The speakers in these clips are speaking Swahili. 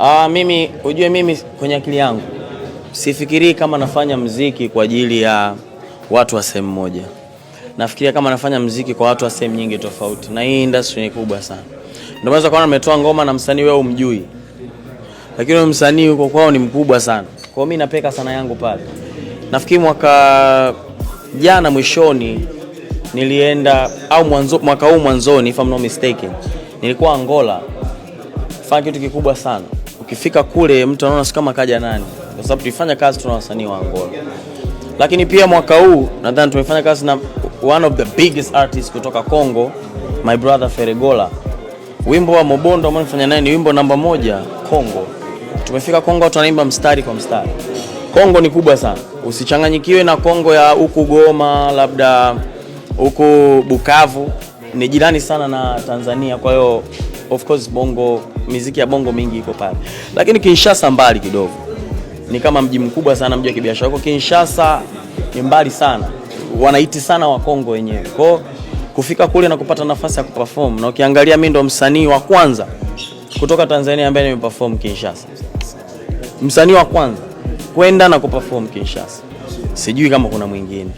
Aa, ah, mimi ujue, mimi kwenye akili yangu sifikirii kama nafanya mziki kwa ajili ya watu wa sehemu moja. Nafikiria kama nafanya mziki kwa watu wa sehemu nyingi tofauti, na hii industry ni kubwa sana. Ndio maana kwa nimetoa ngoma na msanii wewe umjui, lakini wewe msanii uko kwao ni mkubwa sana. Kwa hiyo mimi napeka sana yangu pale. Nafikiri mwaka jana mwishoni nilienda au mwanzo, mwaka huu mwanzoni, if I'm not mistaken, nilikuwa Angola fanya kitu kikubwa sana Ukifika kule mtu anaona si kama kaja nani, kwa sababu tulifanya kazi, tuna wasanii wa Angola, lakini pia mwaka huu nadhani tumefanya kazi na one of the biggest artists kutoka Congo, my brother Feregola. Wimbo wa Mobondo ambao nifanya naye ni wimbo namba moja Congo. Tumefika Kongo watu wanaimba mstari kwa mstari. Kongo ni kubwa sana, usichanganyikiwe na Kongo ya huku Goma, labda huku Bukavu, ni jirani sana na Tanzania, kwa hiyo of course Bongo miziki ya bongo mingi iko pale, lakini Kinshasa mbali kidogo, ni kama mji mkubwa sana, mji wa kibiashara. Kwa Kinshasa ni mbali sana, wanaiti sana wa Kongo wenyewe kwa kufika kule na kupata nafasi ya kuperform, na ukiangalia mimi ndo msanii wa kwanza kutoka Tanzania ambaye nimeperform Kinshasa, msanii wa kwanza kwenda na kuperform Kinshasa, sijui kama kuna mwingine.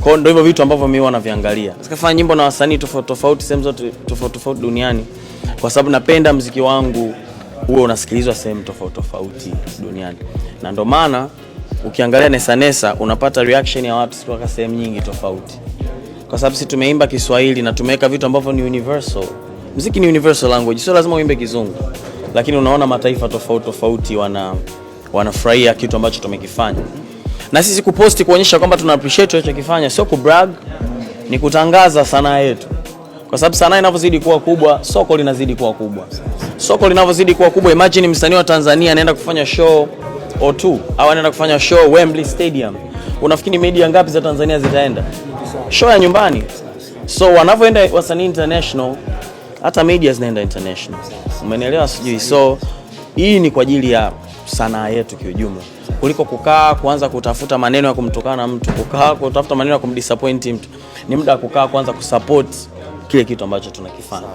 Kwa ndio hivyo vitu ambavyo mimi wanaviangalia, sikafanya nyimbo na wasanii tofauti tofauti sehemu zote tofauti tofauti duniani kwa sababu napenda mziki wangu huo unasikilizwa sehemu tofauti tofauti duniani, na ndio maana ukiangalia Nesa Nesa unapata reaction ya watu kutoka sehemu nyingi tofauti, kwa sababu si tumeimba Kiswahili na tumeweka vitu ambavyo ni universal. Mziki ni universal language, sio lazima uimbe Kizungu, lakini unaona mataifa tofauti tofauti wana wanafurahia kitu ambacho tumekifanya, na sisi kuposti kuonyesha kwamba tuna appreciate tunachokifanya, sio kubrag, ni kutangaza sanaa yetu kwa sababu sanaa inavyozidi kuwa kubwa, soko linazidi kuwa kubwa. Soko linavyozidi kuwa kubwa, imagine msanii wa Tanzania anaenda kufanya show O2 au anaenda kufanya show Wembley Stadium, unafikiri media ngapi za Tanzania zitaenda show ya nyumbani? So wanavyoenda wasanii international, hata media zinaenda international, umenielewa? Sijui so hii ni kwa ajili ya sanaa yetu kiujumla, kuliko kukaa kuanza kutafuta maneno ya kumtukana mtu, kukaa kutafuta maneno ya kumdisappoint mtu. Ni muda wa kukaa kuanza kusupport kile kitu ambacho tunakifanya.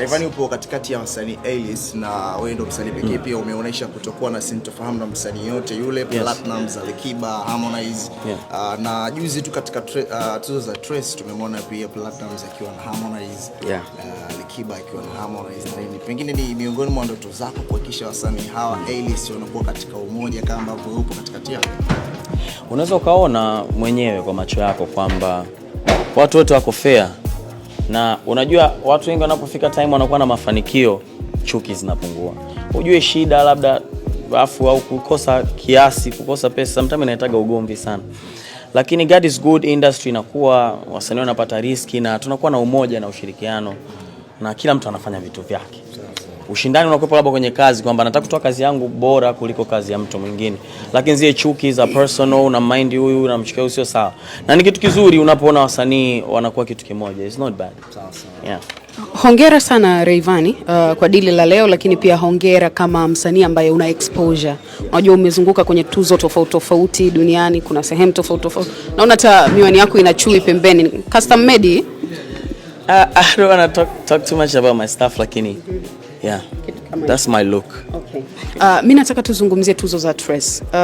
Yes. Upo katikati ya msanii Alice na wewe ndio msanii pekee mm. Pia umeonyesha kutokuwa na sintofahamu na msanii yote yule yes. Platinum, Alikiba, Harmonize yeah. Uh, na juzi tu katika uh, tuzo za Trace tumemwona pia Platinum akiwa na Harmonize yeah. Uh, akiwa na Harmonize na pengine ni miongoni mwa ndoto zako kuhakikisha wasanii hawa mm. wanakuwa katika umoja kama ambavyo upo katikati yao. Unaweza ukaona mwenyewe kwa macho yako kwamba watu wote wako fair na unajua watu wengi wanapofika time wanakuwa na mafanikio, chuki zinapungua. Ujue shida labda afu au kukosa kiasi, kukosa pesa sometimes inahitaga ugomvi sana, lakini God is good, industry inakuwa, wasanii wanapata riski na tunakuwa na umoja na ushirikiano na kila mtu anafanya vitu vyake ushindani unakuwepo labda kwenye kazi kwamba nataka kutoa kazi yangu bora kuliko kazi ya mtu mwingine, lakini zile chuki za personal na mind huyu na mchukia huyu, sio sawa, na ni kitu kizuri unapoona wasanii wanakuwa kitu kimoja, it's not bad. yeah. Hongera sana Rayvanny uh, kwa dili la leo, lakini pia hongera kama msanii ambaye una exposure. Unajua umezunguka kwenye tuzo tofauti tofauti duniani, kuna sehemu tofauti tofauti, naona hata miwani yako ina chui pembeni, custom made. Uh, I don't want to talk, talk too much about my stuff lakini Yeah. That's my look. Okay. Uh, mi nataka tuzungumzie tuzo za tres Uh,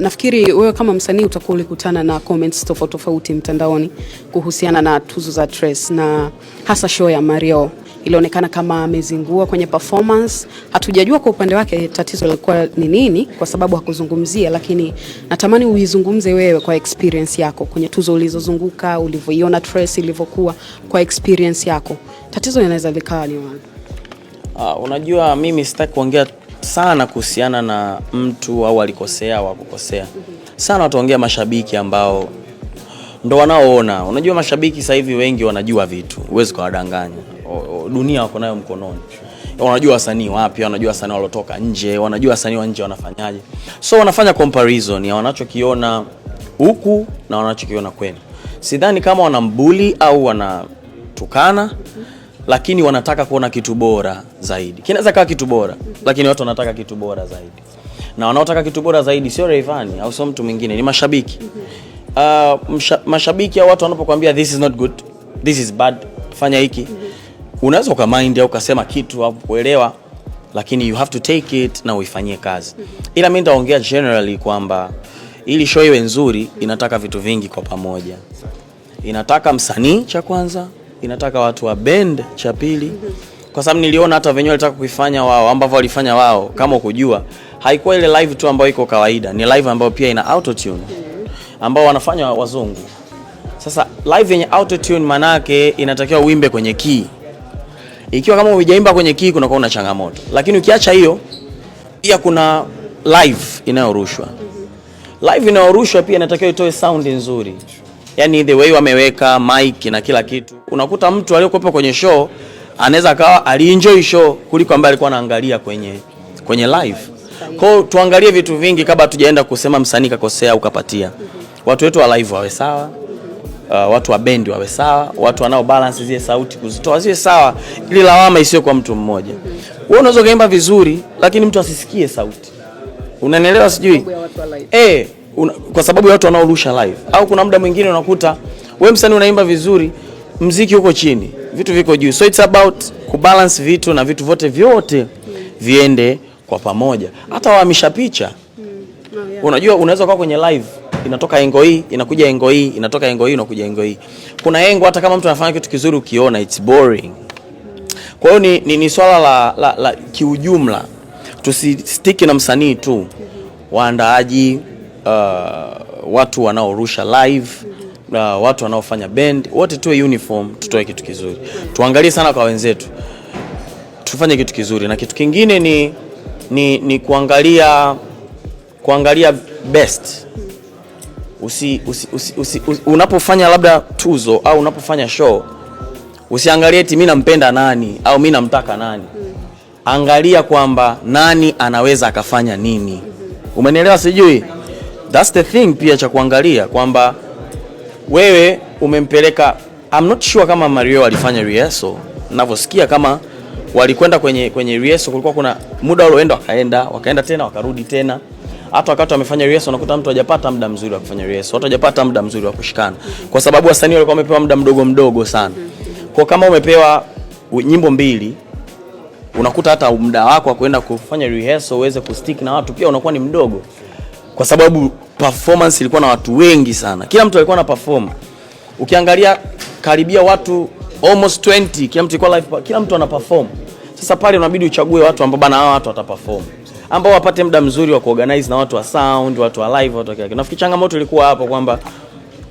nafikiri wewe kama msanii utakuwa ulikutana na comments tofauti tofauti mtandaoni kuhusiana na tuzo za tres na hasa show ya Mario ilionekana kama amezingua kwenye performance. Hatujajua kwa upande wake tatizo lilikuwa ni nini, kwa sababu hakuzungumzia, lakini natamani uizungumze wewe kwa experience yako kwenye tuzo ulizozunguka, ulivyoiona tres ilivyokuwa, kwa experience yako tatizo linaweza likawa ni wapi? Uh, unajua mimi sitaki kuongea sana kuhusiana na mtu au alikosea au akukosea. Sana wataongea mashabiki ambao ndo wanaoona. Unajua mashabiki sasa hivi wengi wanajua vitu, huwezi kuwadanganya. Dunia wako nayo mkononi. Wanajua wasanii wapya, wanajua wasanii walotoka nje, wanajua wasanii wa nje wanafanyaje. So wanafanya comparison ya wanachokiona huku na wanachokiona kwenu. Sidhani kama wanambuli au wanatukana, lakini wanataka kuona kitu bora zaidi. Kinaweza kawa kitu bora, lakini watu wanataka kitu bora zaidi, na wanaotaka kitu bora zaidi sio Rayvanny au sio mtu mwingine, ni mashabiki uh, msha, mashabiki au watu wanapokuambia this is not good, this is bad, fanya hiki, unaweza uka mind au ukasema kitu au kuelewa, lakini you have to take it na uifanyie kazi. Ila mimi nitaongea generally kwamba ili show iwe nzuri, inataka vitu vingi kwa pamoja. Inataka msanii cha kwanza inataka watu wa bend cha pili, kwa sababu niliona hata venyewe walitaka kuifanya wao ambavyo walifanya wao. Kama ukujua, haikuwa ile live tu ambayo iko kawaida, ni live ambayo pia ina autotune ambao wanafanya wazungu. Sasa live yenye autotune manake inatakiwa uimbe kwenye key. Ikiwa kama hujaimba kwenye key kunakuwa una changamoto, lakini ukiacha hiyo pia kuna live inayorushwa. Live inayorushwa pia inatakiwa itoe sound nzuri yani the way wameweka mic na kila kitu, unakuta mtu aliyokuwepo kwenye show anaweza akawa alienjoy show kuliko ambaye alikuwa anaangalia kwenye, kwenye live. Kwa tuangalie vitu vingi kabla tujaenda kusema msanii kakosea ukapatia. Watu wetu wa live wawe sawa, uh, watu wa bendi wawe sawa, watu wanao balance zile sauti kuzitoa ziwe sawa, ili lawama isiwe kwa mtu mmoja. Wewe unaweza kaimba vizuri, lakini mtu asisikie sauti, unanielewa? Sijui eh una, kwa sababu ya watu wanaorusha live, au kuna muda mwingine unakuta we msanii unaimba vizuri, mziki uko chini, vitu viko juu, so it's about kubalance vitu na vitu vyote vyote viende kwa pamoja, hata wahamisha picha mm, oh, Unajua, unaweza kuwa kwenye live inatoka engo hii inakuja engo hii inatoka engo hii inakuja engo hii. Kuna engo hata kama mtu anafanya kitu kizuri ukiona it's boring. Kwa hiyo ni, ni, ni swala la, la, la kiujumla, tusistiki na msanii tu, mm-hmm. waandaaji uh, watu wanaorusha live uh, watu wanaofanya band wote tuwe uniform, tutoe kitu kizuri, tuangalie sana kwa wenzetu, tufanye kitu kizuri. Na kitu kingine ni, ni, ni kuangalia, kuangalia best usi, usi, usi, usi, usi, unapofanya labda tuzo au unapofanya show usiangalie eti mimi nampenda nani au mimi namtaka nani. Angalia kwamba nani anaweza akafanya nini, umenielewa? Sijui that's the thing pia cha kuangalia kwamba wewe umempeleka. I'm not sure kama Mario alifanya rehearsal, ninavyosikia kama walikwenda kwenye kwenye rehearsal, kulikuwa kuna muda ulioenda, wakaenda wakaenda tena wakarudi tena. Hata wakati wamefanya rehearsal, unakuta mtu hajapata muda mzuri wa kufanya rehearsal, hata hajapata muda mzuri wa kushikana, kwa sababu wasanii walikuwa wamepewa muda mdogo mdogo sana. Kwa kama umepewa nyimbo mbili unakuta hata muda wako wa kwenda kufanya rehearsal uweze kustick na watu pia unakuwa ni mdogo kwa sababu performance ilikuwa na watu wengi sana, kila mtu alikuwa na perform. Ukiangalia karibia watu almost 20, kila mtu alikuwa live, kila mtu ana perform. Sasa pale unabidi uchague watu ambao bana, hawa watu wataperform, ambao wapate muda mzuri wa kuorganize na watu wa sound, watu wa live, watu wa kila Nafikiri changamoto ilikuwa hapo kwamba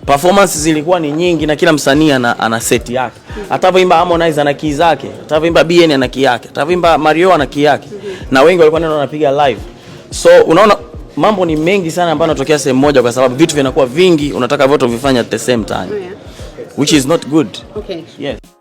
performance zilikuwa ni nyingi na kila msanii ana, ana set yake. Atavyoimba Harmonize ana key zake, atavyoimba BN ana key yake, atavyoimba Mario ana key yake, na wengi walikuwa ndio wanapiga live, so unaona mambo ni mengi sana ambayo yanatokea sehemu moja, kwa sababu vitu vinakuwa vingi, unataka vyote uvifanye at the same time, oh, which is not good. Okay. Yes.